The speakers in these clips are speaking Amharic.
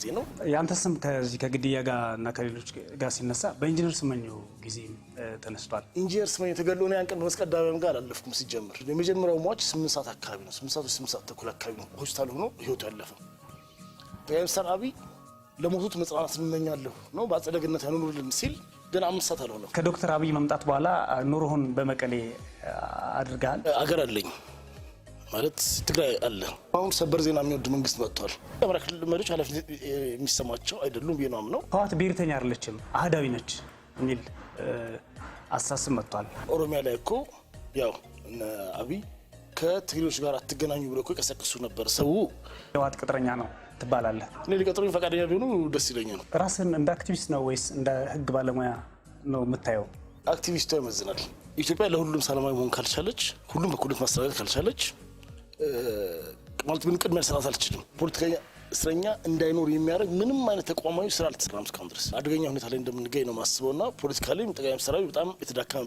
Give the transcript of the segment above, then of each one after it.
ጊዜ ነው። የአንተ ስም ከዚህ ከግድያ ጋር እና ከሌሎች ጋር ሲነሳ በኢንጂነር ስመኘው ጊዜ ተነስቷል። ኢንጂነር ስመኘው ተገሎ ነው ያንቀን መስቀል ዳቢያም ጋር አላለፍኩም። ሲጀምር የመጀመሪያው ሟች ስምንት ሰዓት አካባቢ ነው፣ ስምንት ሰዓት ስምንት ሰዓት ተኩል አካባቢ ነው ሆስፒታል ሆኖ ህይወቱ ያለፈው ጠቅላይ ሚኒስትር አብይ ለሞቱት መጽናናት እንመኛለሁ ነው በአጸደ ገነት ያኑሩልን ሲል ግን አምስት ሰዓት አልሆነም። ከዶክተር አብይ መምጣት በኋላ ኑሮህን በመቀሌ አድርገሃል። አገር አለኝ ማለት ትግራይ አለ። አሁን ሰበር ዜና የሚወድ መንግስት መጥቷል። የአማራ ክልል መሪዎች ኃላፊነት የሚሰማቸው አይደሉም ብዬ ነው የማምነው። ህወሓት ብሔርተኛ አይደለችም አህዳዊ ነች የሚል አስተሳሰብ መጥቷል። ኦሮሚያ ላይ እኮ ያው አብይ ከትግሬዎች ጋር አትገናኙ ብሎ እኮ የቀሰቀሱ ነበር። ሰው ህወሓት ቅጥረኛ ነው ትባላለህ። እኔ ሊቀጥሩኝ ፈቃደኛ ቢሆኑ ደስ ይለኛል። ራስን እንደ አክቲቪስት ነው ወይስ እንደ ህግ ባለሙያ ነው የምታየው? አክቲቪስቷ ይመዝናል። ኢትዮጵያ ለሁሉም ሰላማዊ መሆን ካልቻለች፣ ሁሉም በኩልነት ማስተናገድ ካልቻለች ማለት ምን ቅድሚያ ስራት አልችልም። ፖለቲከኛ እስረኛ እንዳይኖር የሚያደርግ ምንም አይነት ተቋማዊ ስራ አልተሰራም እስካሁን ድረስ። አደገኛ ሁኔታ ላይ እንደምንገኝ ነው ማስበው እና ፖለቲካ ላይ ጠቅላይ ሚኒስትራዊ በጣም የተዳከመ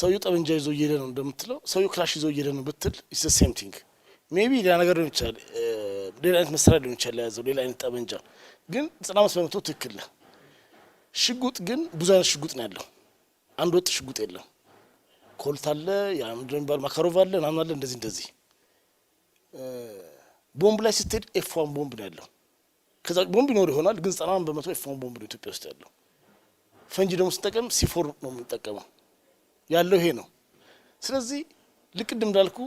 ሰውዬው ጠመንጃ ይዞ እየሄደ ነው እንደምትለው ሰውዬው ክላሽ ይዞ እየሄደ ነው ብትል ኢትስ ሴም ቲንግ ሜቢ ሌላ ነገር ሊሆን ይችላል፣ ሌላ አይነት መሳሪያ ሊሆን ይችላል የያዘው ሌላ አይነት ጠመንጃ። ግን ዘጠና አምስት በመቶ ትክክል ነህ። ሽጉጥ ግን ብዙ አይነት ሽጉጥ ነው ያለው። አንድ ወጥ ሽጉጥ የለም። ኮልት አለ፣ ምንድን ማካሮቭ አለ፣ ናምን አለ፣ እንደዚህ እንደዚህ። ቦምብ ላይ ስትሄድ ኤፏን ቦምብ ነው ያለው። ከዛ ቦምብ ይኖር ይሆናል፣ ግን ዘጠና በመቶ ኤፏን ቦምብ ነው ኢትዮጵያ ውስጥ ያለው። ፈንጂ ደግሞ ስንጠቀም ሲፎር ነው የምንጠቀመው። ያለው ይሄ ነው። ስለዚህ ልቅድም እንዳልኩ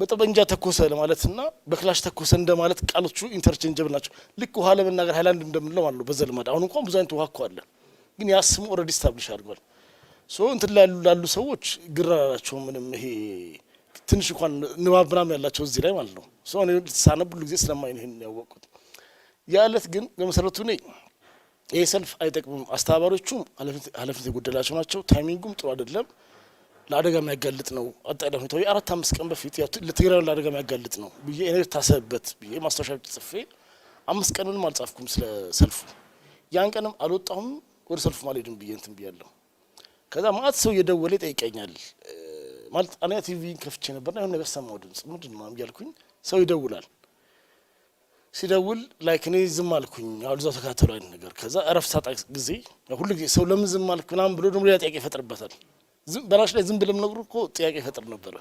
በጠመንጃ ተኮሰ ለማለትና በክላሽ ተኮሰ እንደማለት ቃሎቹ ኢንተርቼንጀብል ናቸው። ልክ ውሃ ለመናገር ሃይላንድ እንደምንለው ማለት ነው በዘልማድ አሁን እንኳን ብዙ አይነት ውሃ እኮ አለ፣ ግን ያ ስሙ ኦልሬዲ ስታብሊሽ አድርጓል። ሶ እንትን ላይ ላሉ ሰዎች ግራ ላላቸው ምንም ይሄ ትንሽ እንኳን ንባብ ምናምን ያላቸው እዚህ ላይ ማለት ነው። ሶ ሳነብ ሁሉ ጊዜ ስለማይን ይህን ያወቁት ያ ዕለት ግን በመሰረቱ እኔ ይህ ሰልፍ አይጠቅምም። አስተባባሪዎቹም ኃላፊነት የጎደላቸው ናቸው። ታይሚንጉም ጥሩ አይደለም። ለአደጋ የሚያጋልጥ ነው። አጠቃላይ ሁኔታው አራት አምስት ቀን በፊት ለትግራይ ለአደጋ የሚያጋልጥ ነው ብዬ እኔ ታሰብበት ብዬ ማስታወሻ ጽፌ አምስት ቀን ምንም አልጻፍኩም ስለ ሰልፉ። ያን ቀንም አልወጣሁም ወደ ሰልፉ አልሄድም ብዬ እንትን ብያለሁ። ከዛ ማአት ሰው እየደወለ ይጠይቀኛል። ማለት አንያ ቲቪን ከፍቼ ነበርና የሆነ ነገር ሰማሁ ድምጽ ምንድን ነው እያልኩኝ ሰው ይደውላል ሲደውል ላይክ እኔ ዝም አልኩኝ። አሁን እዛው ተካተሉ አይነት ነገር ከዛ እረፍት ሳጣ ጊዜ ሁሉ ጊዜ ሰው ለምን ዝም አልክ ምናምን ብሎ ደግሞ ሌላ ጥያቄ ይፈጥርበታል። በራሽ ላይ ዝም ብለም ምነግሩ እኮ ጥያቄ ይፈጥር ነበረ።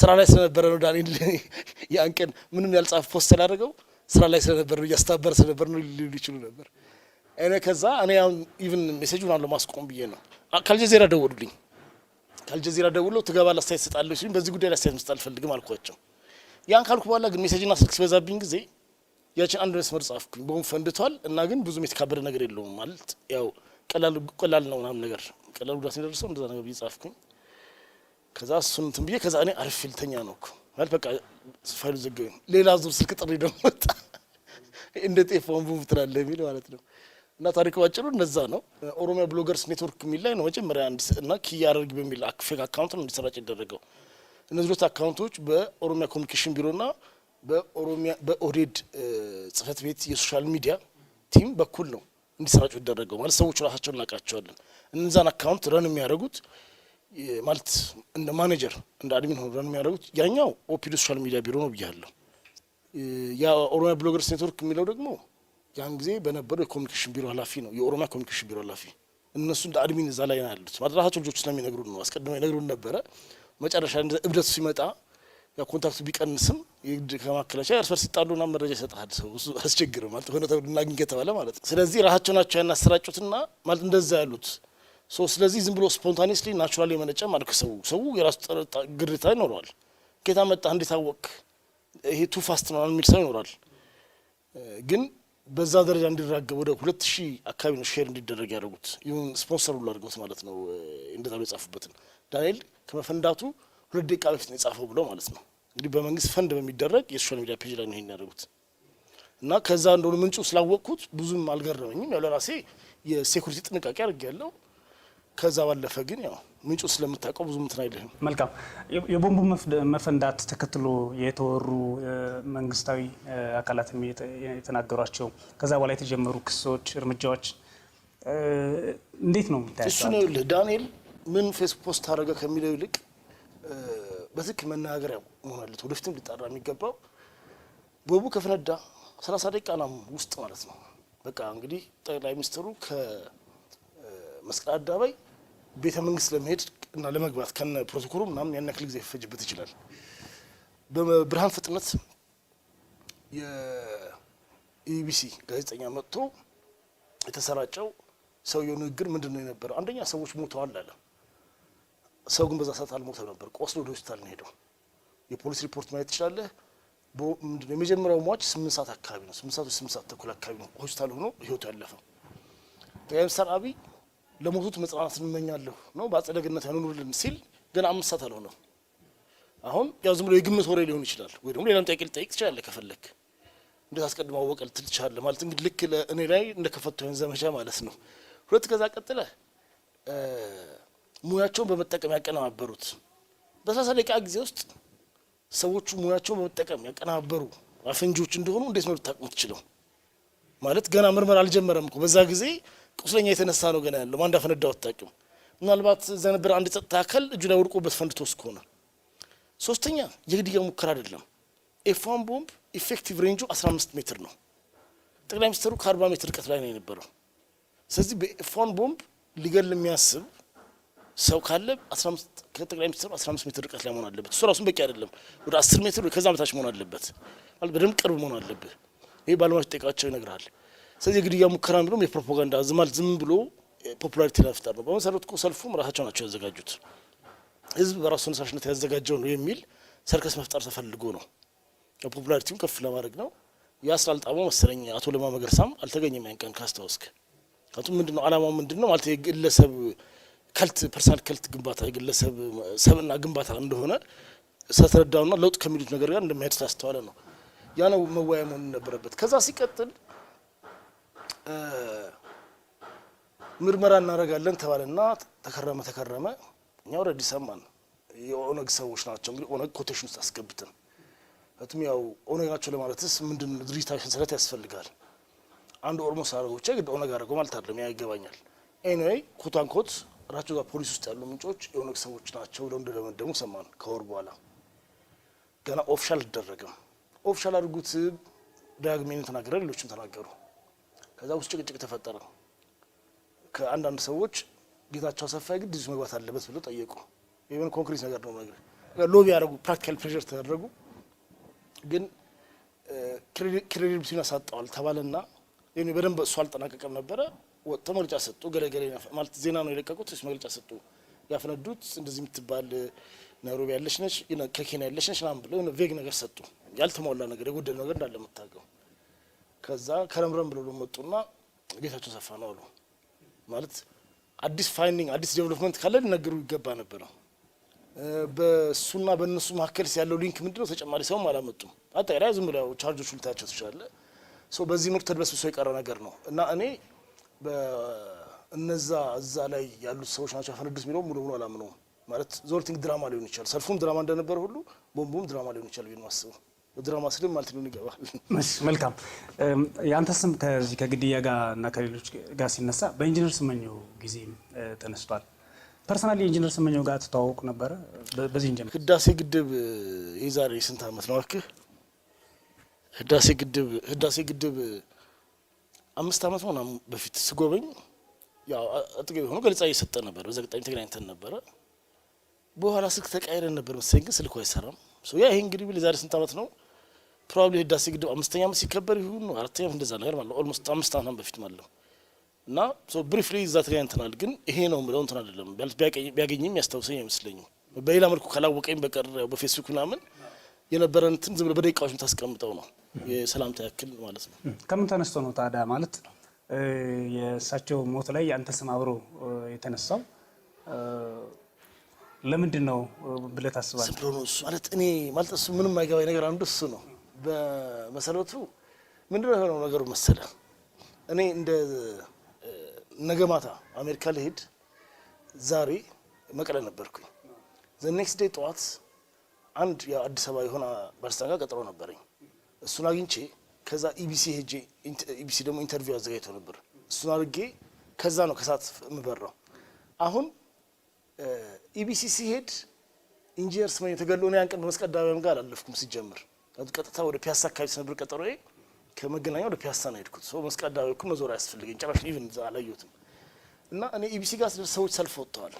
ስራ ላይ ስለነበረ ነው ዳንኤል ያን ቀን ምንም ያልጻፍ ፖስት ስላደረገው ስራ ላይ ስለነበረ ነው እያስተባበረ ስለነበር ነው ሊሉ ይችሉ ነበር። እኔ ከዛ እኔ አሁን ኢቭን ሜሴጅ ምናምን ለማስቆም ብዬ ነው ከአልጀዚራ ደወሉልኝ። ከአልጀዚራ ደውለው ትገባለህ አስተያየት ትሰጣለህ ሲሉኝ በዚህ ጉዳይ ላይ አስተያየት መስጠት አልፈልግም አልኳቸው። ያን ካልኩ በኋላ ግን ሜሴጅና ስልክ ሲበዛብኝ ጊዜ ያችን አንድ መስመር ጻፍኩኝ። በሁም ፈንድቷል እና ግን ብዙም የተካበደ ነገር የለውም ማለት ያው ቀላል ነው ምናምን ነገር ቀላል ጉዳት የደረሰው እንደዛ ነገር ብዬ ጻፍኩኝ። ከዛ እሱን እንትን ብዬ ከዛ እኔ አሪፍ ፊልተኛ ነው ማለት በቃ ፋይሉ ዘገበኝ። ሌላ ዙር ስልክ ጥሪ ደግሞ ወጣ። እንደ ጤፋውን ቡም ትላለህ የሚል ማለት ነው። እና ታሪክ ባጭሩ እንደዛ ነው። ኦሮሚያ ብሎገርስ ኔትወርክ የሚል ላይ ነው መጀመሪያ እና ኪያ አድርግ በሚል ፌክ አካውንት ነው እንዲሰራጭ ያደረገው። እነዚህ ሁለት አካውንቶች በኦሮሚያ ኮሚኒኬሽን ቢሮና በኦሮሚያ በኦህዴድ ጽህፈት ቤት የሶሻል ሚዲያ ቲም በኩል ነው እንዲሰራጩ ይደረገው። ማለት ሰዎች ራሳቸውን እናውቃቸዋለን። እነዛን አካውንት ረን የሚያደርጉት ማለት እንደ ማኔጀር እንደ አድሚን ሆኖ ረን የሚያደርጉት ያኛው ኦፒዲ ሶሻል ሚዲያ ቢሮ ነው ብያለሁ። የኦሮሚያ ብሎገርስ ኔትወርክ የሚለው ደግሞ ያን ጊዜ በነበረው የኮሚኒኬሽን ቢሮ ኃላፊ ነው የኦሮሚያ ኮሚኒኬሽን ቢሮ ኃላፊ እነሱ እንደ አድሚን እዛ ላይ ያሉት ማለት ራሳቸው ልጆች ስለሚነግሩን ነው። አስቀድመው ይነግሩን ነበረ። መጨረሻ እብደቱ ሲመጣ ኮንታክቱ ቢቀንስም ከማከላቻ እርስ በርስ ና መረጃ ይሰጣል። ሰው እሱ አስቸግርም ማለት ሆነ ተብሎ እናግኝ ከተባለ ማለት ነው። ስለዚህ ራሳቸው ናቸው ያን አሰራጩትና ማለት እንደዛ ያሉት ሰው። ስለዚህ ዝም ብሎ ስፖንታኒስሊ ናቹራል የመነጨ ማለት ከሰው ሰው የራሱ ግርታ ይኖረዋል። ኬታ መጣ እንዴት አወቅ ይሄ ቱ ፋስት ነው የሚል ሰው ይኖራል። ግን በዛ ደረጃ እንዲራገብ ወደ ሁለት ሺህ አካባቢ ነው ሼር እንዲደረግ ያደረጉት። ይሁን ስፖንሰር ሁሉ አድርገውት ማለት ነው። እንደዛ የጻፉበትን ዳንኤል ከመፈንዳቱ ሁለት ደቂቃ በፊት ነው የጻፈው ብሎ ማለት ነው። እንግዲህ በመንግስት ፈንድ በሚደረግ የሶሻል ሚዲያ ፔጅ ላይ ነው ይሄን ያደረጉት እና ከዛ እንደሆነ ምንጩ ስላወቅኩት ብዙም አልገረመኝም። ያው ለራሴ የሴኩሪቲ ጥንቃቄ ያለው ከዛ ባለፈ ግን ያው ምንጩ ስለምታውቀው ብዙ ምትን አይልህም። መልካም። የቦምቡ መፈንዳት ተከትሎ የተወሩ መንግስታዊ አካላትም የተናገሯቸው ከዛ በኋላ የተጀመሩ ክሶች፣ እርምጃዎች እንዴት ነው የሚታያቸው? እሱ ነው ዳንኤል ምን ፌስቡክ ፖስት አደረገ ከሚለው ይልቅ በትክክል መናገሪያ መሆን ወደፊትም ሊጣራ የሚገባው ወቡ ከፈነዳ 30 ደቂቃ ናም ውስጥ ማለት ነው። በቃ እንግዲህ ጠቅላይ ሚኒስትሩ ከመስቀል አደባባይ ቤተ መንግስት ለመሄድ እና ለመግባት ከነ ፕሮቶኮሉ ምናምን ያን ያክል ጊዜ ይፈጅበት ይችላል። በብርሃን ፍጥነት የኢቢሲ ጋዜጠኛ መጥቶ የተሰራጨው ሰውየው ንግግር ምንድን ነው የነበረው? አንደኛ ሰዎች ሞተዋል አለ። ሰው ግን በዛ ሰዓት አልሞተም ነበር፣ ቆስሎ ወደ ሆስፒታል ነው ሄደው። የፖሊስ ሪፖርት ማየት ትችላለህ። ምንድነው የመጀመሪያው ሟች ስምንት ሰዓት አካባቢ ነው፣ ስምንት ሰዓት ስምንት ሰዓት ተኩል አካባቢ ነው ሆስፒታል ሆኖ ህይወቱ ያለፈው። ጠቅላይ ሚኒስትር አብይ ለሞቱት መጽናናት እንመኛለሁ ነው በአጸደ ገነት ያኑሩልን ሲል ገና አምስት ሰዓት አልሆነው። አሁን ያው ዝም ብሎ የግምት ወሬ ሊሆን ይችላል፣ ወይ ደግሞ ሌላም ጥያቄ ልጠይቅ ትችላለህ ከፈለክ እንዴት አስቀድሞ አወቀ ልትል ትችላለህ። ማለት እንግዲህ ልክ ለእኔ ላይ እንደከፈቱ ዘመቻ ማለት ነው። ሁለት ከዛ ቀጥለ ሙያቸውን በመጠቀም ያቀነባበሩት። በሰላሳ ደቂቃ ጊዜ ውስጥ ሰዎቹ ሙያቸውን በመጠቀም ያቀነባበሩ አፈንጂዎች እንደሆኑ እንዴት ነው ልታውቁ ትችለው? ማለት ገና ምርመራ አልጀመረም እኮ በዛ ጊዜ ቁስለኛ የተነሳ ነው ገና ያለው ማን እንዳፈነዳ አታውቅም። ምናልባት እዛ የነበረ አንድ ጸጥታ አካል እጁ ላይ ወድቆበት ፈንድቶ ከሆነ ሶስተኛ የግድያ ሙከራ አይደለም። ኤፏን ቦምብ ኢፌክቲቭ ሬንጁ 15 ሜትር ነው። ጠቅላይ ሚኒስትሩ ከ40 ሜትር ርቀት ላይ ነው የነበረው። ስለዚህ በኤፏን ቦምብ ሊገል የሚያስብ ሰው ካለ ከጠቅላይ ሚኒስትሩ 15 ሜትር ርቀት ላይ መሆን አለበት። እሱ ራሱን በቂ አይደለም። ወደ 10 ሜትር ከዛ በታች መሆን አለበት ማለት በደንብ ቅርብ መሆን አለብህ። ይህ ባለሙያዎች ጠይቃቸው ይነግራል። ስለዚህ የግድያ ሙከራ ብሎም የፕሮፓጋንዳ ዝማል ዝም ብሎ ፖፑላሪቲ ለመፍጠር ነው። በመሰረቱ እኮ ሰልፉም ራሳቸው ናቸው ያዘጋጁት። ህዝብ በራሱ ነሳሽነት ያዘጋጀው ነው የሚል ሰርከስ መፍጠር ተፈልጎ ነው። ፖፑላሪቲውን ከፍ ለማድረግ ነው። ያ ስላልጣመው መሰለኝ አቶ ለማ መገርሳም አልተገኘም ያን ቀን ካስታወስክ። ምክንያቱም ምንድነው አላማው ምንድነው ማለት የግለሰብ ከልት ፐርሰናል ከልት ግንባታ የግለሰብ ሰብና ግንባታ እንደሆነ ስለተረዳውና ለውጥ ከሚሉት ነገር ጋር እንደሚሄድ አስተዋለ ነው። ያ ነው መወያያ መሆን ነበረበት። ከዛ ሲቀጥል ምርመራ እናደርጋለን ተባለና ተከረመ ተከረመ። እኛ ኦልሬዲ ሰማን የኦነግ ሰዎች ናቸው። እንግዲህ ኦነግ ኮቴሽን ውስጥ አስገብትን ቱም ያው ኦነግ ናቸው ለማለትስ ምንድን ድርጅታዊ ሰንሰለት ያስፈልጋል። አንድ ኦሮሞ ሳረጎቼ ግድ ኦነግ አደረገው ማለት አይደለም። ያ ይገባኛል። ኤኒዌይ ኮታንኮት ራቸው ጋር ፖሊስ ውስጥ ያሉ ምንጮች የኦነግ ሰዎች ናቸው ብለው እንደደመደሙ ሰማን። ከወር በኋላ ገና ኦፊሻል አልደረገም። ኦፊሻል አድርጉት ዳግሜን ተናገረ፣ ሌሎችም ተናገሩ። ከዛ ውስጥ ጭቅጭቅ ተፈጠረ። ከአንዳንድ ሰዎች ጌታቸው አሰፋ ግድ እዚሁ መግባት አለበት ብለው ጠየቁ። ይህን ኮንክሪት ነገር ነው ነገር ሎቢ ያደረጉ ፕራክቲካል ፕሬሸር ተደረጉ። ግን ክሬዲት ክሬዲብሊቲውን ያሳጠዋል ተባለና በደንብ እሱ አልጠናቀቀም ነበረ። ወጥተው መግለጫ ሰጡ። ገለገለ ማለት ዜና ነው የለቀቁት። መግለጫ ሰጡ። ያፈነዱት እንደዚህ የምትባል ናይሮቢ ያለች ነች፣ ከኬንያ ያለች ነች ምናምን ብለው ቬግ ነገር ሰጡ። ያልተሟላ ነገር የጎደል ነገር እንዳለ የምታውቀው ከዛ ከረምረም ብለው መጡና ጌታቸው ሰፋ ነው አሉ። ማለት አዲስ ፋይንዲንግ አዲስ ዴቨሎፕመንት ካለ ሊነገሩ ይገባ ነበረ። በእሱና በእነሱ መካከል ያለው ሊንክ ምንድነው? ተጨማሪ ሰውም አላመጡም። አጠቃላይ ዝም ብለው ቻርጆች ልታያቸው ትችላለ። በዚህ መልክ ተድበስብሶ የቀረ ነገር ነው እና እኔ እነዛ እዛ ላይ ያሉት ሰዎች ናቸው ያፈነዱት የሚለው ሙሉ ሙሉ አላምነውም። ማለት ዞርቲንግ ድራማ ሊሆን ይችላል፣ ሰልፉም ድራማ እንደነበረ ሁሉ ቦምቡም ድራማ ሊሆን ይችላል ብዬ ነው የማስበው። ድራማ ስልም ማለት ሊሆን ይገባል። መልካም። የአንተ ስም ከዚህ ከግድያ ጋር እና ከሌሎች ጋር ሲነሳ በኢንጂነር ስመኘው ጊዜም ተነስቷል። ፐርሰናል የኢንጂነር ስመኘው ጋር ትተዋወቁ ነበረ? በዚህ እንጀምር። ህዳሴ ግድብ የዛሬ ስንት ዓመት ነው አልክ? ህዳሴ ግድብ ህዳሴ ግድብ አምስት ዓመት ምናምን በፊት ስጎበኝ ያው አጥገብ ሆኖ ገልጻ እየሰጠ ነበር። በዛ ገጣሚ ተገናኝተን ነበረ። በኋላ ስልክ ተቀያይረን ነበር መሰለኝ፣ ግን ስልኩ አይሰራም። ያ ይሄ እንግዲህ የዛሬ ስንት ዓመት ነው ፕሮባብሊ ህዳሴ ግድብ አምስተኛ ዓመት ሲከበር ይሁን አራተኛ ዓመት እንደዛ ነገር ማለት ኦልሞስት አምስት ዓመት በፊት ማለት እና ሶ ብሪፍሊ እዛ ተገናኝተናል፣ ግን ይሄ ነው የምለው እንትን አይደለም። ቢያገኝም ያስታውሰኝ አይመስለኝም። በሌላ መልኩ ካላወቀኝ በቀር በፌስቡክ ምናምን የነበረን እንትን ዝም ብለህ በደቂቃዎች የምታስቀምጠው ነው። የሰላምታ ያክል ማለት ነው። ከምን ተነስቶ ነው ታዲያ ማለት የእሳቸው ሞት ላይ የአንተ ስም አብሮ የተነሳው ለምንድን ነው ብለህ ታስባለህ? እሱ ማለት እኔ ማለት እሱ ምንም አይገባኝ ነገር አንዱ እሱ ነው። በመሰረቱ ምንድነው ነው ነገሩ መሰለ እኔ እንደ ነገ ማታ አሜሪካ ልሄድ ዛሬ መቀለ ነበርኩኝ። ዘ ኔክስት ዴይ ጠዋት አንድ የአዲስ አበባ የሆነ ባለስልጣን ጋር ነበረኝ። እሱን አግኝቼ ከዛ ኢቢሲ e ሄጄ ኢቢሲ e ደግሞ ኢንተርቪው አዘጋጅቶ ነበር። እሱን አድርጌ ከዛ ነው ከሰዓት የምበራው። አሁን ኢቢሲ e ሲሄድ ኢንጂነር ስመኝ ተገድሎ ነው ያን ቀን በመስቀል አደባባይም ጋር አላለፍኩም። ሲጀምር ቀጥታ ወደ ፒያሳ አካባቢ ስነብር ቀጠሮዬ ከመገናኛ ወደ ፒያሳ ነው የሄድኩት። ሰው መስቀል አደባባይ እኮ መዞር አያስፈልገኝ ጭራሽ ኢቭን አላየሁትም። እና እኔ ኢቢሲ ጋር ስደርስ ሰዎች ሰልፍ ወጥተዋል።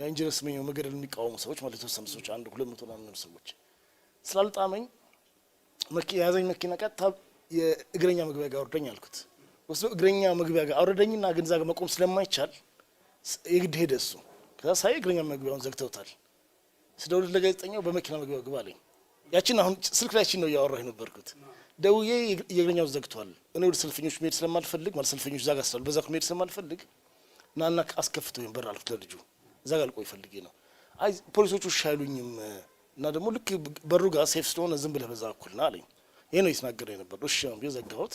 የኢንጂነር ስመኝ መገደል የሚቃወሙ ሰዎች ማለት የተወሰኑ ሰዎች አንድ ሁለት መቶ ምናምን ሰዎች ስላልጣመኝ የያዘኝ መኪና ቀጥታ የእግረኛ መግቢያ ጋር አውርደኝ አልኩት። ወስዶ እግረኛ መግቢያ ጋር አውረደኝና ግን እዛ ጋር መቆም ስለማይቻል የግድ ሄደ እሱ። ከዛ ሳይ እግረኛ መግቢያውን ዘግተውታል። ስደውልለት ለጋዜጠኛው በመኪና መግቢያ ግባ አለኝ። ያችን አሁን ስልክ ላይ ነው እያወራሁ የነበርኩት። ደውዬ የእግረኛው ዘግቷል፣ እኔ ወደ ሰልፈኞች መሄድ ስለማልፈልግ ማለት ሰልፈኞች እዛ ጋር ስላሉ በዛ መሄድ ስለማልፈልግ ናና አስከፍተው ወይም በር አልኩት። ለልጁ እዛ ጋር ልቆይ ፈልጌ ነው። አይ ፖሊሶቹ እሺ አይሉኝም እና ደግሞ ልክ በሩ ጋር ሴፍ ስለሆነ ዝም ብለህ በዛ ና አለኝ። ይህ ነው የተናገረ የነበር እሺ ብዬ ዘጋሁት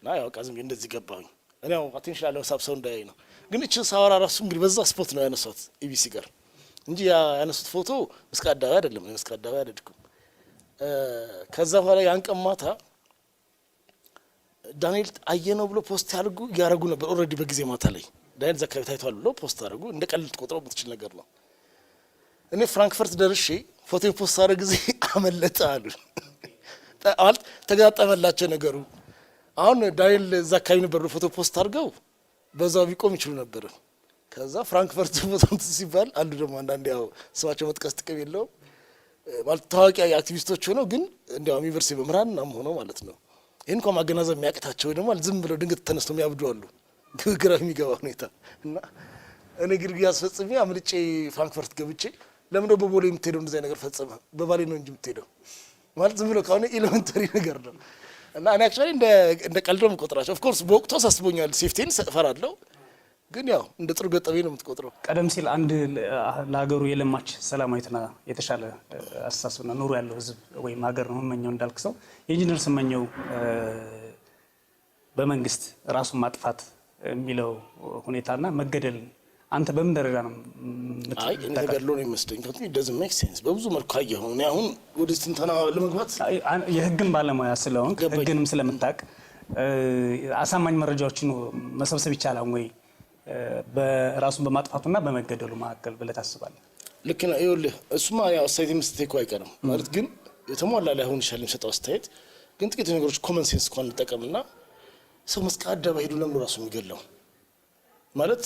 እና ያው ቃ ዝም እንደዚህ ገባሁኝ። እኔ ያው አቴንሽን አለ ሳብ ሰው እንዳያይ ነው። ግን እችን ሳወራ ራሱ እንግዲህ በዛ ስፖት ነው ያነሷት ኢቢሲ ጋር እንጂ ያነሱት ፎቶ እስከ አዳባይ አይደለም። እኔ እስከ አዳባይ አልሄድኩም። ከዛ በኋላ ያን ቀን ማታ ዳንኤል አየ ነው ብሎ ፖስት ያደርጉ እያደረጉ ነበር። ኦልሬዲ በጊዜ ማታ ላይ ዳንኤል እዛ ታይቷል ብሎ ፖስት አደረጉ። እንደ ቀልድ ቆጥረው የምትችል ነገር ነው። እኔ ፍራንክፈርት ደርሼ ፎቶ ፖስት አደረግ ጊዜ አመለጠ አሉ። አልት ተጋጠመላቸው ነገሩ። አሁን ዳንኤል እዛ አካባቢ ነበር ፎቶ ፖስት አድርገው በዛው ቢቆም ይችሉ ነበር። ከዛ ፍራንክፈርት ፎቶ ሲባል አንዱ ደግሞ አንዳንድ ያው ስማቸው መጥቀስ ጥቅም የለውም ማለት ታዋቂ አክቲቪስቶች ሆነው ግን እንዲያውም ዩኒቨርሲቲ መምህራን ናም ሆነው ማለት ነው። ይህን እንኳን ማገናዘብ የሚያቅታቸው ወይ ደግሞ ዝም ብለው ድንገት ተነስተው የሚያብዱ አሉ። ግራ የሚገባ ሁኔታ እና እኔ ግርግ አስፈጽሜ አምልጬ ፍራንክፈርት ገብቼ ለምን ደግሞ በቦሌ የምትሄደው እንደዚህ ነገር ፈጸመ? በባሌ ነው እንጂ የምትሄደው ማለት ዝም ብሎ ከሆነ ኤሌመንተሪ ነገር ነው። እና እኔ አክቹዋሊ እንደ ቀልድ ነው የምቆጥራቸው። ኦፍኮርስ በወቅቱ አሳስቦኛል፣ ሴፍቲን እፈራለሁ ግን ያው እንደ ጥሩ ገጠሜ ነው የምትቆጥረው። ቀደም ሲል አንድ ለሀገሩ የለማች ሰላማዊትና የተሻለ አስተሳሰብና ኑሮ ያለው ህዝብ ወይም ሀገር ነው የምመኘው እንዳልክ ሰው የኢንጂነር ስመኘው በመንግስት ራሱን ማጥፋት የሚለው ሁኔታና መገደል አንተ በምን ደረጃ ነው ነገር ሎ ይመስለኝ ሜክ ሴንስ በብዙ መልኩ አየሁ። አሁን ወደ ትንተና ለመግባት የህግን ባለሙያ ስለሆን ህግንም ስለምታቅ አሳማኝ መረጃዎችን መሰብሰብ ይቻላል ወይ በራሱን በማጥፋቱና በመገደሉ መካከል ብለህ ታስባለህ? ልክ ነው። ይኸውልህ እሱማ ያው አስተያየት የምትተኩ አይቀርም ማለት ግን የተሟላ ላይ አሁን ይሻል የሚሰጠው አስተያየት ግን ጥቂት ነገሮች ኮመን ሴንስ እንኳን እንጠቀምና ሰው መስቀል አደባባይ ሄዱ ለምን ራሱ የሚገለው ማለት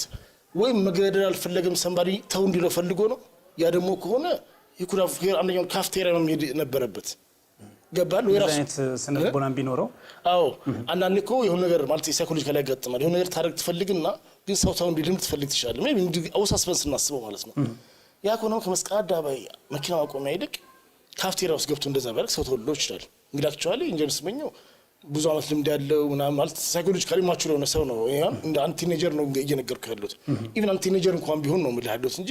ወይም መገደል አልፈለገም ሰንባዲ ተው እንዲለው ፈልጎ ነው። ያ ደግሞ ከሆነ የኩራፍ አንደኛው ካፍቴሪያ ነው መሄድ ነበረበት። ገባል ወይ ራሱ ስነ ቢኖረው። አዎ አንዳንድ እኮ የሆነ ነገር ማለት ሳይኮሎጂ ከላይ ያጋጥማል። የሆነ ነገር ታደርግ ትፈልግና ግን ሰው ተው እንዲልም ትፈልግ ትችላለ። ሜይ አወሳስበን ስናስበው ማለት ነው። ያ ከሆነ ከመስቀል አደባባይ መኪና ማቆሚያ ይልቅ ካፍቴሪያ ውስጥ ገብቶ እንደዛ ቢያደርግ ሰው ተወልዶ ይችላል። እንግዳቸዋል አክቹዋሊ እንጀምስ ብዙ አመት ልምድ ያለው ምናምን ሳይኮሎጂ ሳይኮሎጂካሊ ማቹር የሆነ ሰው ነው። እንደ አንድ ቲኔጀር ነው እየነገርኩህ ያለሁት። ኢቨን አንድ ቲኔጀር እንኳን ቢሆን ነው የምልህ ያለሁት እንጂ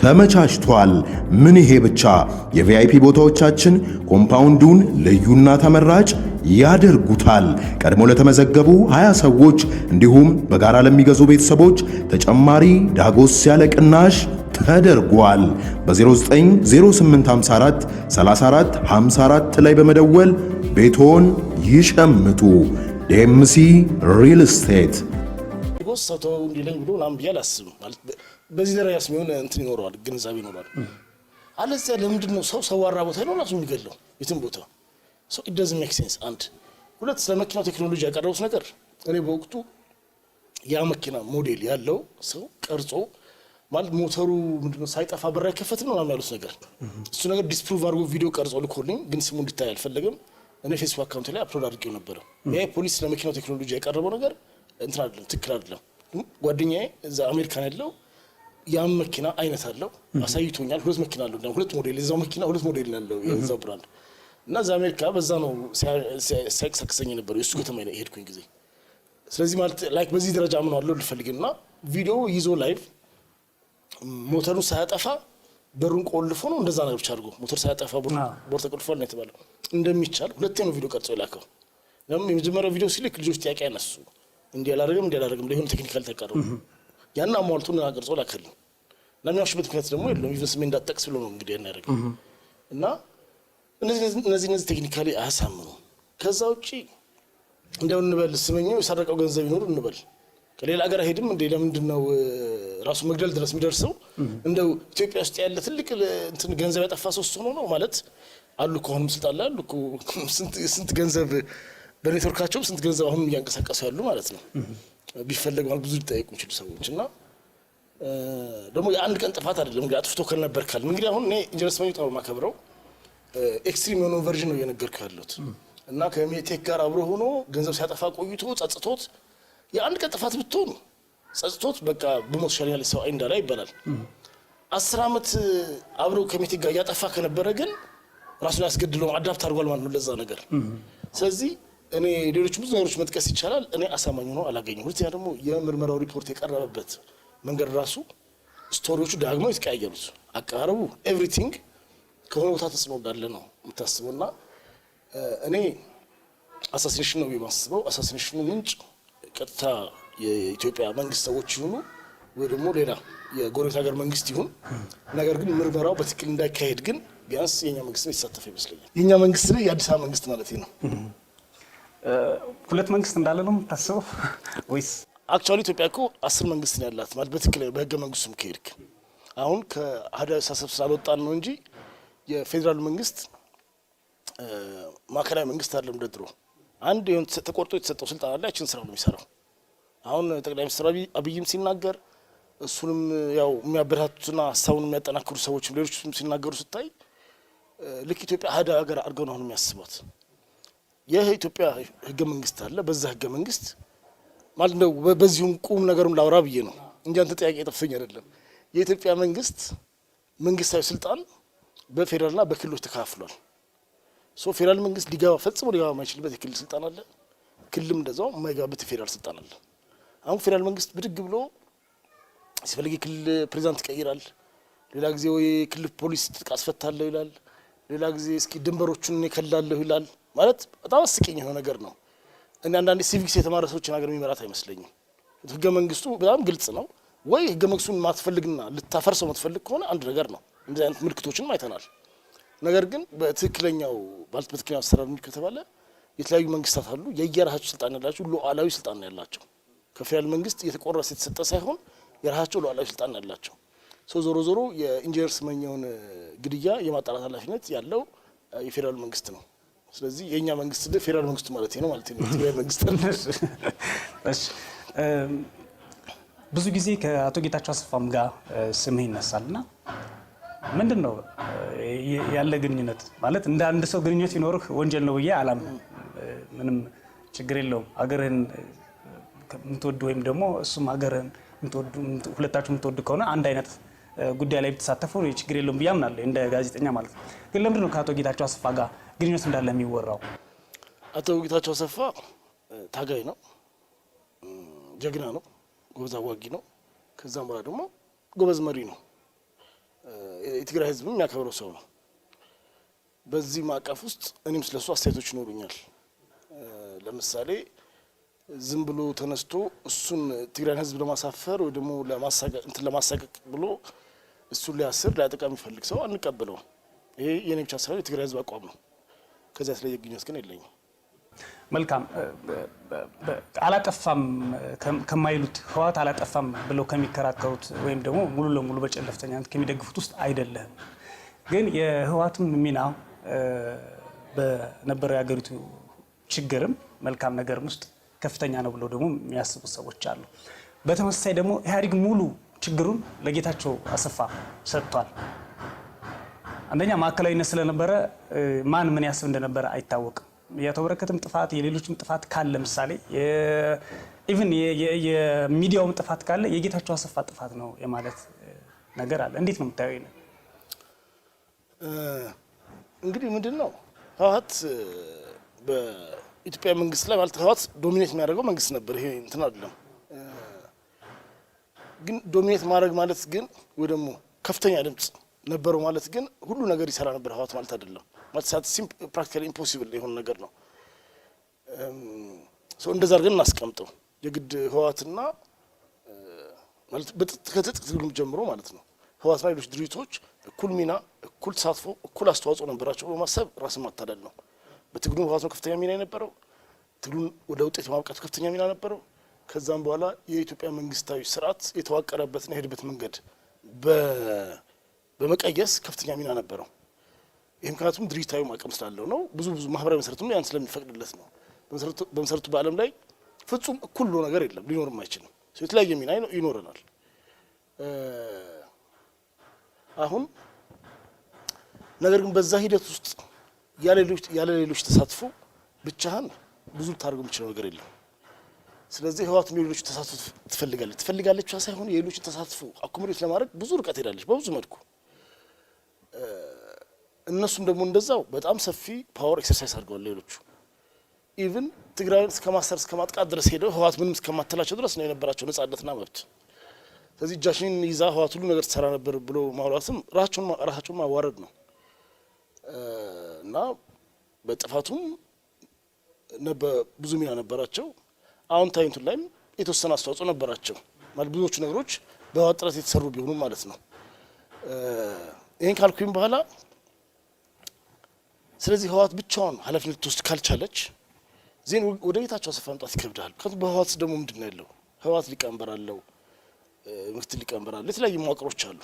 ተመቻችቷል። ምን ይሄ ብቻ! የቪአይፒ ቦታዎቻችን ኮምፓውንዱን ልዩና ተመራጭ ያደርጉታል። ቀድሞ ለተመዘገቡ 20 ሰዎች እንዲሁም በጋራ ለሚገዙ ቤተሰቦች ተጨማሪ ዳጎስ ያለ ቅናሽ ተደርጓል። በ090854 ላይ በመደወል ቤቶን ይሸምቱ። ዴምሲ ሪል ስቴት ሰው ተወው እንዲለኝ ብሎ ምናምን ብዬ አላስብም። በዚህ ደረጃ የሚሆን እንትን ይኖረዋል፣ ግንዛቤ ይኖረዋል። አለዚያ ለምንድን ነው ሰው ሰዋራ ቦታ ነው ራሱ የሚገለው? የትም ቦታ ሰው ኢደዝ ሜክ ሴንስ። አንድ ሁለት፣ ስለ መኪናው ቴክኖሎጂ ያቀረቡት ነገር እኔ በወቅቱ ያ መኪና ሞዴል ያለው ሰው ቀርጾ ማለት ሞተሩ ምንድነው ሳይጠፋ በር አይከፈትም ነው ያሉት ነገር። እሱ ነገር ዲስፕሩቭ አድርጎ ቪዲዮ ቀርጾ ልኮልኝ፣ ግን ስሙ እንዲታይ አልፈለግም። እኔ ፌስቡክ አካውንት ላይ አፕሎድ አድርጌው ነበረ። ይሄ ፖሊስ ስለ መኪናው ቴክኖሎጂ ያቀረበው ነገር እንትን አይደለም፣ ትክክል አይደለም። ጓደኛዬ እዛ አሜሪካን ያለው ያም መኪና አይነት አለው አሳይቶኛል። ሁለት መኪና አለው፣ ሁለት ሞዴል የዛው መኪና ሁለት ሞዴል ያለው የዛው ብራንድ እና እዛ አሜሪካ በዛ ነው ሲያቅሰቅሰኝ ነበር የእሱ ከተማ የሄድኩኝ ጊዜ። ስለዚህ ማለት ላይክ በዚህ ደረጃ ምን አለው ልፈልግ እና ቪዲዮ ይዞ ላይቭ ሞተሩ ሳያጠፋ በሩን ቆልፎ ነው እንደዛ ነገር ብቻ አድርጎ ሞተር ሳያጠፋ ቦር ተቆልፏል ነው የተባለው። እንደሚቻል ሁለቴ ነው ቪዲዮ ቀርጾ የላከው። ለም የመጀመሪያው ቪዲዮ ሲልክ ልጆች ጥያቄ ያነሱ እንዲህ አላደረግም እንዲህ አላደረግም ለሆኑ ቴክኒካል ተቀረ ያን አሟልቱን አቅርጾ ላከልን እና የሚዋሽበት ምክንያት ደግሞ የለውም። ኢቨን ስሜ እንዳትጠቅስ ብሎ ነው እንግዲህ ያን እና እነዚህ እነዚህ ቴክኒካሊ አያሳምኑ። ከዛ ውጭ እንደው እንበል ስመኛው የሰረቀው ገንዘብ ይኖር እንበል ከሌላ ሀገር አይሄድም እንዴ? ለምንድን ነው ራሱ መግደል ድረስ የሚደርሰው? እንደው ኢትዮጵያ ውስጥ ያለ ትልቅ እንትን ገንዘብ ያጠፋ ሰው ሆኖ ነው ማለት አሉ። ከሆኑም ስልጣን ላይ አሉ። ስንት ገንዘብ በኔትወርካቸውም ስንት ገንዘብ አሁን እያንቀሳቀሱ ያሉ ማለት ነው። ቢፈለገዋል ብዙ ሊጠየቁ የሚችሉ ሰዎች እና ደግሞ የአንድ ቀን ጥፋት አይደለም። እንግዲህ አጥፍቶ ከነበር ካል እንግዲህ አሁን እኔ ኢንጂነር ስመኝ በጣም ማከብረው ኤክስትሪም የሆነ ቨርዥን ነው እየነገርኩ ያለሁት እና ከሜቴክ ጋር አብሮ ሆኖ ገንዘብ ሲያጠፋ ቆይቶ ጸጽቶት የአንድ ቀን ጥፋት ብትሆኑ ጸጽቶት በቃ ብሞት ያለ ሰው አይንዳ ላይ ይባላል። አስር ዓመት አብሮ ከሜቴክ ጋር እያጠፋ ከነበረ ግን ራሱን ያስገድለው አዳፕት አድርጓል ማለት ነው ለዛ ነገር ስለዚህ እኔ ሌሎች ብዙ ነገሮች መጥቀስ ይቻላል። እኔ አሳማኝ ሆኖ አላገኘሁም። ሁለተኛ ደግሞ የምርመራው ሪፖርት የቀረበበት መንገድ ራሱ ስቶሪዎቹ ዳግመው የተቀያየሩት አቀራረቡ፣ ኤቭሪቲንግ ከሆነ ቦታ ተጽዕኖ እንዳለ ነው የምታስበው እና እኔ አሳሲኔሽን ነው የማስበው። አሳሲኔሽኑ ምንጭ ቀጥታ የኢትዮጵያ መንግስት ሰዎች ይሁኑ ወይ ደግሞ ሌላ የጎረቤት ሀገር መንግስት ይሁን፣ ነገር ግን ምርመራው በትክክል እንዳይካሄድ ግን ቢያንስ የኛ መንግስት ነው የተሳተፈ ይመስለኛል። የኛ መንግስት የአዲስ አበባ መንግስት ማለት ነው። ሁለት መንግስት እንዳለ ነው የምታስበው ወይስ? አክቹዋሊ ኢትዮጵያ እኮ አስር መንግስት ነው ያላት ማለት በትክክል በህገ መንግስቱም ከሄድክ አሁን ከአህዳዊ አስተሳሰብ ስላልወጣን ነው እንጂ የፌዴራሉ መንግስት ማዕከላዊ መንግስት አይደለም። ደድሮ አንድ የሆነ ተቆርጦ የተሰጠው ስልጣን አለ። ያችን ስራ ነው የሚሰራው። አሁን ጠቅላይ ሚኒስትር አብይም ሲናገር እሱንም ያው የሚያበረታቱትና ሀሳቡን የሚያጠናክሩ ሰዎችም ሌሎችም ሲናገሩ ስታይ ልክ ኢትዮጵያ አህዳዊ ሀገር አድርገው ነው አሁን የሚያስቧት። የኢትዮጵያ ህገ መንግስት አለ። በዛ ህገ መንግስት ማለት ነው። በዚሁም ቁም ነገሩን ላውራ ብዬ ነው እንጂ አንተ ጥያቄ የጠፈኝ አይደለም። የኢትዮጵያ መንግስት መንግስታዊ ስልጣን በፌዴራልና በክልሎች ተካፍሏል። ሶ ፌዴራል መንግስት ሊገባ ፈጽሞ ሊገባ የማይችልበት የክልል ስልጣን አለ። ክልልም እንደዛው የማይገባበት የፌዴራል ስልጣን አለ። አሁን ፌዴራል መንግስት ብድግ ብሎ ሲፈልግ የክልል ፕሬዚዳንት ይቀይራል። ሌላ ጊዜ ወይ ክልል ፖሊስ ትጥቅ አስፈታለሁ ይላል። ሌላ ጊዜ እስኪ ድንበሮቹን እኔ ይላል። ማለት በጣም አስቂኝ የሆነ ነገር ነው። እኔ አንዳንዴ ሲቪክስ የተማረ ሰዎችን ሀገር የሚመራት አይመስለኝም። ህገ መንግስቱ በጣም ግልጽ ነው። ወይ ህገ መንግስቱን ማትፈልግና ልታፈርሰው ማትፈልግ ከሆነ አንድ ነገር ነው። እንደዚህ አይነት ምልክቶችንም አይተናል። ነገር ግን በትክክለኛው በትክክለኛው አሰራር ከተባለ የተለያዩ መንግስታት አሉ። የየራሳቸው ስልጣን ያላቸው ሉዓላዊ ስልጣን ያላቸው ከፌዴራል መንግስት የተቆረሰ የተሰጠ ሳይሆን የራሳቸው ሉዓላዊ ስልጣን ያላቸው ሰው ዞሮ ዞሮ የኢንጂነር ስመኘውን ግድያ የማጣራት ኃላፊነት ያለው የፌዴራል መንግስት ነው። ስለዚህ የእኛ መንግስት ፌዴራል መንግስቱ ማለት ነው ማለት ነው ትግራይ መንግስት ብዙ ጊዜ ከአቶ ጌታቸው አስፋም ጋር ስምህ ይነሳል እና ምንድን ነው ያለ ግንኙነት ማለት እንደ አንድ ሰው ግንኙነት ይኖርህ ወንጀል ነው ብዬ አላምንም። ምንም ችግር የለውም። ሀገርህን የምትወድ ወይም ደግሞ እሱም ሀገርህን ሁለታችሁ የምትወድ ከሆነ አንድ አይነት ጉዳይ ላይ ብትሳተፉ ችግር የለውም ብዬ አምናለሁ፣ እንደ ጋዜጠኛ ማለት ነው። ግን ለምንድን ነው ከአቶ ጌታቸው አስፋ ጋር ግንኙነት እንዳለ የሚወራው። አቶ ጌታቸው አሰፋ ታጋይ ነው፣ ጀግና ነው፣ ጎበዝ አዋጊ ነው። ከዛም በኋላ ደግሞ ጎበዝ መሪ ነው። የትግራይ ህዝብ የሚያከብረው ሰው ነው። በዚህ ማዕቀፍ ውስጥ እኔም ስለሱ አስተያየቶች ይኖሩኛል። ለምሳሌ ዝም ብሎ ተነስቶ እሱን ትግራይን ህዝብ ለማሳፈር ወይ ደግሞ ለማሳቀቅ ብሎ እሱን ሊያስር ሊያጠቃ የሚፈልግ ሰው አንቀበለውም። ይሄ የኔ ብቻ ሳይሆን የትግራይ ህዝብ አቋም ነው። ከዚያ ስለየ ግንኙነት ግን የለኝም። መልካም አላጠፋም ከማይሉት ህወሓት አላጠፋም ብለው ከሚከራከሩት ወይም ደግሞ ሙሉ ለሙሉ በጨለፍተኛነት ከሚደግፉት ውስጥ አይደለህም። ግን የህወሓትም ሚና በነበረው የሀገሪቱ ችግርም መልካም ነገርም ውስጥ ከፍተኛ ነው ብለው ደግሞ የሚያስቡት ሰዎች አሉ። በተመሳሳይ ደግሞ ኢህአዴግ ሙሉ ችግሩን ለጌታቸው አሰፋ ሰጥቷል። አንደኛ ማዕከላዊነት ስለነበረ ማን ምን ያስብ እንደነበረ አይታወቅም። የተበረከትም ጥፋት የሌሎችም ጥፋት ካለ ለምሳሌ ኢቭን የሚዲያውም ጥፋት ካለ የጌታቸው አሰፋ ጥፋት ነው የማለት ነገር አለ። እንዴት ነው የምታየው? እንግዲህ ምንድን ነው ህወሓት በኢትዮጵያ መንግስት ላይ ማለት ህወሓት ዶሚኔት የሚያደርገው መንግስት ነበር። ይሄ እንትን አይደለም። ግን ዶሚኔት ማድረግ ማለት ግን ወይ ደግሞ ከፍተኛ ድምፅ ነበረው ማለት ግን ሁሉ ነገር ይሰራ ነበር ህዋት ማለት አይደለም። ማለት ሰዓት ፕራክቲካሊ ኢምፖሲብል የሆነ ነገር ነው። እንደዛ አድርገን እናስቀምጠው የግድ ህዋትና ማለት ከትጥቅ ትግሉም ጀምሮ ማለት ነው ህዋትና ሌሎች ድርጅቶች እኩል ሚና፣ እኩል ተሳትፎ፣ እኩል አስተዋጽኦ ነበራቸው ብሎ ማሰብ ራስን ማታደል ነው። በትግሉ ህዋት ነው ከፍተኛ ሚና የነበረው። ትግሉን ወደ ውጤት ማብቃቱ ከፍተኛ ሚና ነበረው። ከዛም በኋላ የኢትዮጵያ መንግስታዊ ስርዓት የተዋቀረበትና የሄድበት መንገድ በ በመቀየስ ከፍተኛ ሚና ነበረው። ይህ ምክንያቱም ድርጅታዊ አቅም ስላለው ነው። ብዙ ብዙ ማህበራዊ መሰረቱም ያን ስለሚፈቅድለት ነው። በመሰረቱ በዓለም ላይ ፍጹም እኩሉ ነገር የለም፣ ሊኖርም አይችልም። የተለያየ ሚና ይኖረናል። አሁን ነገር ግን በዛ ሂደት ውስጥ ያለ ሌሎች ተሳትፎ ብቻህን ብዙ ልታደርግ የምችለው ነገር የለም። ስለዚህ ህዋት የሌሎች ተሳትፎ ትፈልጋለች ትፈልጋለች ሳይሆን የሌሎችን ተሳትፎ አኮሞዴት ለማድረግ ብዙ ርቀት ሄዳለች በብዙ መልኩ እነሱም ደግሞ እንደዛው በጣም ሰፊ ፓወር ኤክሰርሳይዝ አድርገዋል። ሌሎቹ ኢቭን ትግራይን እስከ ማሰር እስከ ማጥቃት ድረስ ሄደው ህወሓት ምንም እስከማትላቸው ድረስ ነው የነበራቸው ነጻነትና መብት። ስለዚህ እጃችንን ይዛ ህወሓት ሁሉ ነገር ትሰራ ነበር ብሎ ማውራትም ራሳቸውን ማዋረድ ነው እና በጥፋቱም ብዙ ሚና ነበራቸው። አሁን ታይንቱ ላይም የተወሰነ አስተዋጽኦ ነበራቸው ማለት ብዙዎቹ ነገሮች በህወሓት ጥረት የተሰሩ ቢሆኑም ማለት ነው። ይህን ካልኩኝ በኋላ ስለዚህ ህወሓት ብቻዋን ኃላፊነት ትወስድ ካልቻለች ዜን ወደ ቤታቸው ሰፋ መምጣት ይከብዳል። ምክንያቱም በህወሓት ደግሞ ምንድን ነው ያለው ህወሓት ሊቀመንበር አለው፣ ምክትል ሊቀመንበር አለው፣ የተለያዩ መዋቅሮች አሉ።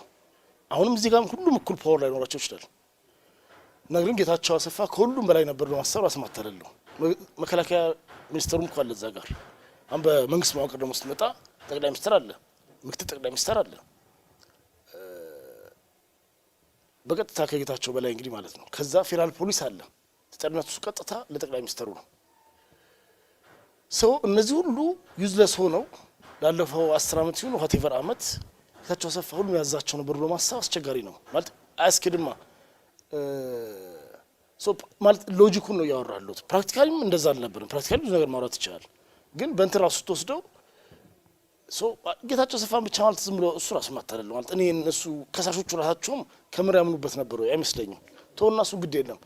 አሁንም እዚህ ጋር ሁሉም እኩል ፓወር ላይኖራቸው ይችላል። ነገር ግን ጌታቸው አሰፋ ከሁሉም በላይ ነበር በማሰብ ራስ ማታለል መከላከያ ሚኒስተሩም እኮ አለ እዛ ጋር። አሁን በመንግስት መዋቅር ደግሞ ስትመጣ ጠቅላይ ሚኒስትር አለ፣ ምክትል ጠቅላይ ሚኒስትር አለ። በቀጥታ ከጌታቸው በላይ እንግዲህ ማለት ነው። ከዛ ፌዴራል ፖሊስ አለ። ተጠሪነቱ ቀጥታ ለጠቅላይ ሚኒስትሩ ነው። ሰው እነዚህ ሁሉ ዩዝለስ ሆነው ላለፈው አስር ዓመት ሲሆን ሆቴቨር ዓመት ጌታቸው አሰፋ ሁሉም ያዛቸው ነበር ብሎ ማሰብ አስቸጋሪ ነው ማለት አያስኬድማ። ማለት ሎጂኩን ነው እያወራሉት። ፕራክቲካሊም እንደዛ አልነበርም። ፕራክቲካሊ ብዙ ነገር ማውራት ይችላል፣ ግን በእንትን ራሱ ስትወስደው Uh, ጌታቸው አሰፋን ብቻ ማለት ዝም ብሎ እሱ ራሱ ማታለል ማለት እኔ እነሱ ከሳሾቹ ራሳቸውም ከምር ያምኑበት ነበሩ አይመስለኝም። ተውና እሱ ግድ የለም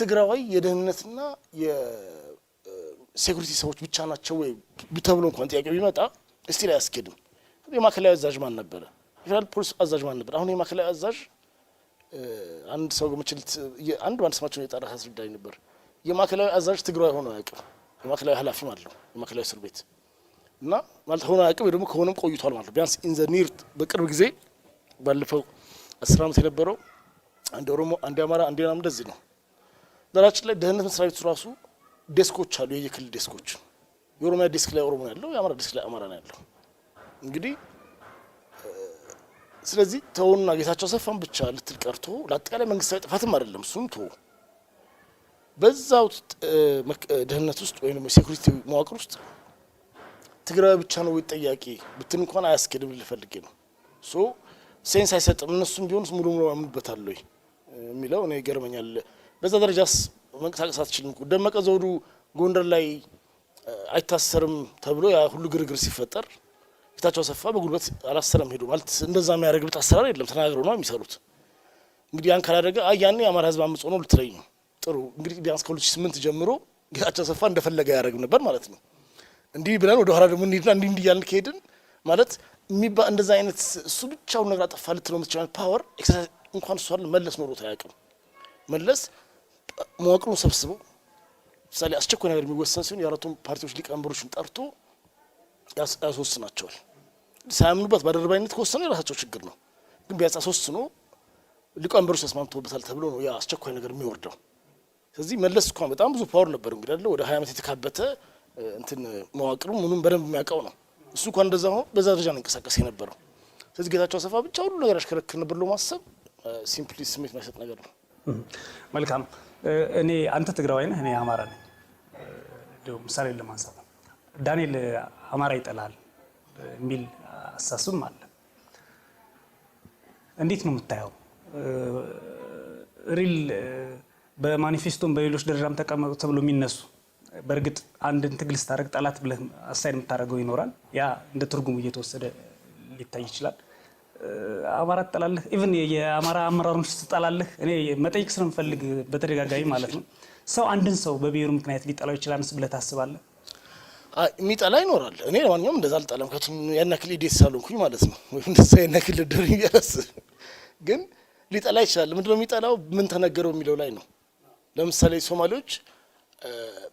ትግራዋይ የደህንነትና የሴኩሪቲ ሰዎች ብቻ ናቸው ወይ ተብሎ እንኳን ጥያቄ ቢመጣ እስቲል አያስኬድም። የማዕከላዊ አዛዥ ማን ነበረ? የፌዴራል ፖሊስ አዛዥ ማን ነበረ? አሁን የማዕከላዊ አዛዥ አንድ ሰው መችልት አንድ ባንድ ስማቸውን የጠራ አስረዳኝ ነበር። የማዕከላዊ አዛዥ ትግራዋይ ሆኖ አያውቅም። የማዕከላዊ ኃላፊም አለው የማዕከላዊ እስር ቤት እና ማለት ሆነ አቅም ደግሞ ከሆነም ቆይቷል ማለት ቢያንስ ኢንዘ ኒር በቅርብ ጊዜ ባለፈው አስር ዓመት የነበረው አንድ ኦሮሞ አንድ አማራ አንድ ናም እንደዚህ ነው። ዳራችን ላይ ደህንነት መስሪያ ቤቱ ራሱ ዴስኮች አሉ፣ የየክልል ዴስኮች። የኦሮሚያ ዴስክ ላይ ኦሮሞ ያለው፣ የአማራ ዴስክ ላይ አማራ ነው ያለው። እንግዲህ ስለዚህ ተውና ጌታቸው ሰፋን ብቻ ልትል ቀርቶ ለአጠቃላይ መንግስታዊ ጥፋትም አይደለም እሱም ቶ በዛው ደህንነት ውስጥ ወይም ሴኩሪቲ መዋቅር ውስጥ ትግራዊ ብቻ ነው ወይ ጠያቂ ብትን እንኳን አያስኬድም ልፈልግ ነው። ሶ ሴንስ አይሰጥም። እነሱም ቢሆንስ ሙሉ ሙሉ አምኑበታለሁ የሚለው እኔ ይገርመኛል። በዛ ደረጃስ መንቀሳቀስ አትችልም። ደመቀ ዘውዱ ጎንደር ላይ አይታሰርም ተብሎ ያ ሁሉ ግርግር ሲፈጠር ጌታቸው አሰፋ በጉልበት አላሰረም ሄዱ ማለት እንደዛ የሚያደርግበት አሰራር የለም። ተናግረው ነው የሚሰሩት። እንግዲህ ያን ካላደረገ አይ የአማራ ህዝብ አምጾ ነው ልትለኝ ነው። ጥሩ እንግዲህ ቢያንስ ከሁለት ሺህ ጀምሮ ጌታቸው አሰፋ እንደፈለገ ያደርግ ነበር ማለት ነው። እንዲህ ብለን ወደ ኋላ ደግሞ እንሄድና እንዲህ እንዲህ እያልን ከሄድን ማለት የሚባ እንደዛ አይነት እሱ ብቻውን ነገር አጠፋ ልትለው የምትችል ፓወር እንኳን እሷን መለስ ኖሮት አያውቅም። መለስ መዋቅሩን ሰብስቦ ምሳሌ አስቸኳይ ነገር የሚወሰን ሲሆን የአራቱም ፓርቲዎች ሊቀመንበሮችን ጠርቶ ያስወስናቸዋል። ሳያምኑበት በአደረባይነት ከወሰኑ የራሳቸው ችግር ነው። ግን ቢያንስ አስወስኖ ሊቀመንበሮች ተስማምተውበታል ተብሎ ነው ያ አስቸኳይ ነገር የሚወርደው። ስለዚህ መለስ እንኳን በጣም ብዙ ፓወር ነበር እንግዲህ ወደ ሀያ ዓመት የተካበተ እንትን መዋቅሩ ምኑም በደንብ የሚያውቀው ነው። እሱ እንኳን እንደዛ ሆኖ በዛ ደረጃ ነው እንቀሳቀስ የነበረው። ስለዚህ ጌታቸው አሰፋ ብቻ ሁሉ ነገር ያሽከረክር ነበር ብሎ ማሰብ ሲምፕሊ ስሜት ማይሰጥ ነገር ነው። መልካም። እኔ አንተ ትግራዋይ ነህ፣ እኔ አማራ ነኝ። እንዲሁ ምሳሌ ለማንሳት ዳንኤል አማራ ይጠላል የሚል አሳስብም አለ። እንዴት ነው የምታየው? ሪል በማኒፌስቶም በሌሎች ደረጃም ተቀመጡ ተብሎ የሚነሱ በእርግጥ አንድን ትግል ስታደርግ ጠላት ብለህ አሳይ የምታደርገው ይኖራል። ያ እንደ ትርጉሙ እየተወሰደ ሊታይ ይችላል። አማራ ትጠላለህ፣ ኢቭን የአማራ አመራሮች ትጠላለህ። እኔ መጠይቅ ስለምፈልግ በተደጋጋሚ ማለት ነው። ሰው አንድን ሰው በብሔሩ ምክንያት ሊጠላው ይችላል ብለህ ታስባለህ? የሚጠላ ይኖራል። እኔ ለማንኛውም እንደዛ አልጠላም። ከቱ ያናክል ያክል ኢዴት ሳልሆንኩኝ ማለት ነው። ወይም እንደዛ ያናክል ያክል ያስ ግን ሊጠላ ይችላል። ምንድነው የሚጠላው? ምን ተነገረው የሚለው ላይ ነው። ለምሳሌ ሶማሌዎች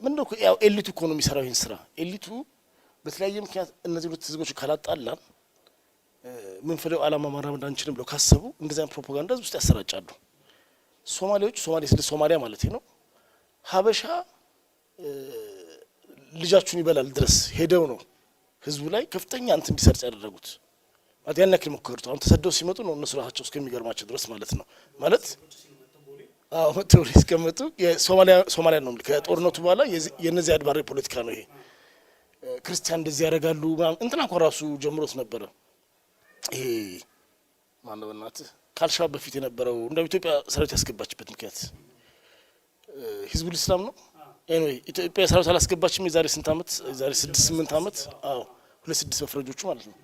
ምንድን ነው ያው ኤሊቱ እኮ ነው የሚሰራው ይህን ስራ። ኤሊቱ በተለያየ ምክንያት እነዚህ ሁለት ህዝቦች ካላጣላን ምንፈልገው አላማ ማራመድ አንችልም ብለው ካሰቡ እንደዚያን ፕሮፓጋንዳ ውስጥ ያሰራጫሉ። ሶማሌዎች ሶማሌ ስለ ሶማሊያ ማለት ነው። ሀበሻ ልጃችሁን ይበላል ድረስ ሄደው ነው ህዝቡ ላይ ከፍተኛ እንትን እንዲሰርጽ ያደረጉት። ያን ያክል ሞከሩት። አሁን ተሰደው ሲመጡ ነው እነሱ ራሳቸው እስከሚገርማቸው ድረስ ማለት ነው ማለት አዎ ትውልድ እስከመጡ ሶማሊያ ነው። ከጦርነቱ በኋላ የነዚህ አድባራዊ ፖለቲካ ነው ይሄ። ክርስቲያን እንደዚህ ያደርጋሉ። እንትና እኮ ራሱ ጀምሮት ነበረ። ይሄ ማነው በእናትህ ከአልሻባብ በፊት የነበረው እንደ ኢትዮጵያ ሰራዊት ያስገባችበት ምክንያት ሂዝቡል ኢስላም ነው። ኤኒዌይ ኢትዮጵያ ሰራዊት አላስገባችም። የዛሬ ስንት ዓመት የዛሬ ስድስት ስምንት ዓመት አዎ ሁለት ስድስት በፈረንጆቹ ማለት ነው።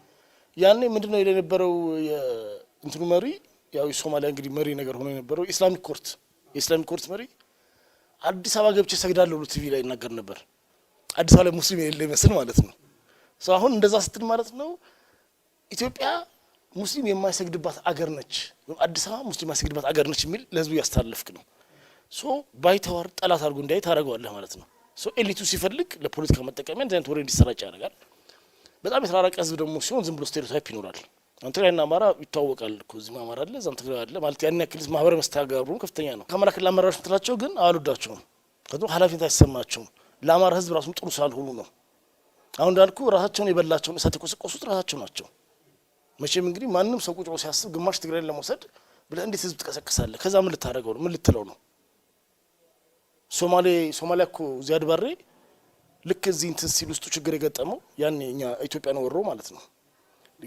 ያኔ ምንድነው የነበረው የእንትኑ መሪ ያው የሶማሊያ እንግዲህ መሪ ነገር ሆኖ የነበረው ኢስላሚክ ኮርት የኢስላሚክ ኮርት መሪ አዲስ አበባ ገብቼ ሰግዳለሁ ብሎ ቲቪ ላይ ይናገር ነበር። አዲስ አበባ ላይ ሙስሊም የሌለ ይመስል ማለት ነው። አሁን እንደዛ ስትል ማለት ነው ኢትዮጵያ ሙስሊም የማይሰግድባት አገር ነች፣ ወይም አዲስ አበባ ሙስሊም የማይሰግድባት አገር ነች የሚል ለህዝቡ ያስተላለፍክ ነው። ሶ ባይተዋር ጠላት አድርጎ እንዳይ ታደርገዋለህ ማለት ነው። ሶ ኤሊቱ ሲፈልግ ለፖለቲካ መጠቀሚያ እንደዚህ አይነት ወሬ እንዲሰራጭ ያደርጋል። በጣም የተራራቀ ህዝብ ደግሞ ሲሆን ዝም ብሎ ስቴሪዮታይፕ ይኖራል። አንተ ላይ እና አማራ ይታወቃል እኮ እዚህም አማራ አለ እዛም ትግራይ አለ ማለት ያን ያክል ማህበረ መስተጋብሩ ከፍተኛ ነው። ከአማራ ክልል አመራሮች ምትላቸው ግን አልወዳቸውም፣ ከቶ ኃላፊነት አይሰማቸውም። ለአማራ ህዝብ ራሱም ጥሩ ሳልሆኑ ነው። አሁን እንዳልኩ ራሳቸውን የበላቸውን እሳት የቆሰቆሱት ራሳቸው ናቸው። መቼም እንግዲህ ማንም ሰው ቁጭ ብሎ ሲያስብ ግማሽ ትግራይን ለመውሰድ ብለህ እንዴት ህዝብ ትቀሰቅሳለህ? ከዛ ምን ልታደርገው ነው? ምን ልትለው ነው? ሶማሌ ሶማሊያ እኮ ዚያድ ባሬ ልክ እዚህ እንትን ሲል ውስጡ ችግር የገጠመው ያኔ እኛ ኢትዮጵያን ወሮ ማለት ነው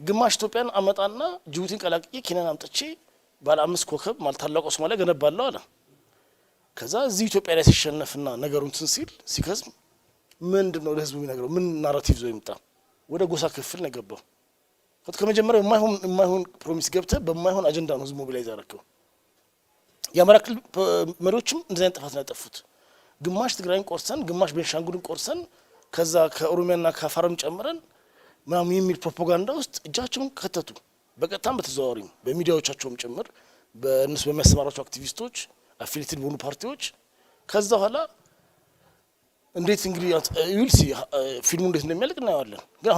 ግማሽ ኢትዮጵያን አመጣና ጅቡቲን ቀላቅዬ ኬንያን አምጥቼ ባለ አምስት ኮከብ ማለት ታላቋ ሶማሊያ ገነባለሁ አለ። ከዛ እዚህ ኢትዮጵያ ላይ ሲሸነፍና ነገሩን እንትን ሲል ሲከዝም ምንድን ነው ለህዝቡ የሚነግረው? ምን ናራቲቭ ዞ ይምጣ? ወደ ጎሳ ክፍል ነው የገባው። ከመጀመሪያው የማይሆን ፕሮሚስ ገብተህ በማይሆን አጀንዳ ነው ህዝብ ሞቢላይዝ ያደረገው። የአማራ ክልል መሪዎችም እንደዚህ አይነት ጥፋት ነው ያጠፉት። ግማሽ ትግራይን ቆርሰን፣ ግማሽ ቤንሻንጉልን ቆርሰን፣ ከዛ ከኦሮሚያና ከአፋርም ጨምረን ምናምን የሚል ፕሮፓጋንዳ ውስጥ እጃቸውን ከተቱ። በቀጥታም በተዘዋዋሪም በሚዲያዎቻቸውም ጭምር በእነሱ በሚያስተማራቸው አክቲቪስቶች፣ አፊሊትድ በሆኑ ፓርቲዎች ከዛ በኋላ እንዴት እንግዲህ ዩልሲ ፊልሙ እንዴት እንደሚያልቅ እናየዋለን ግን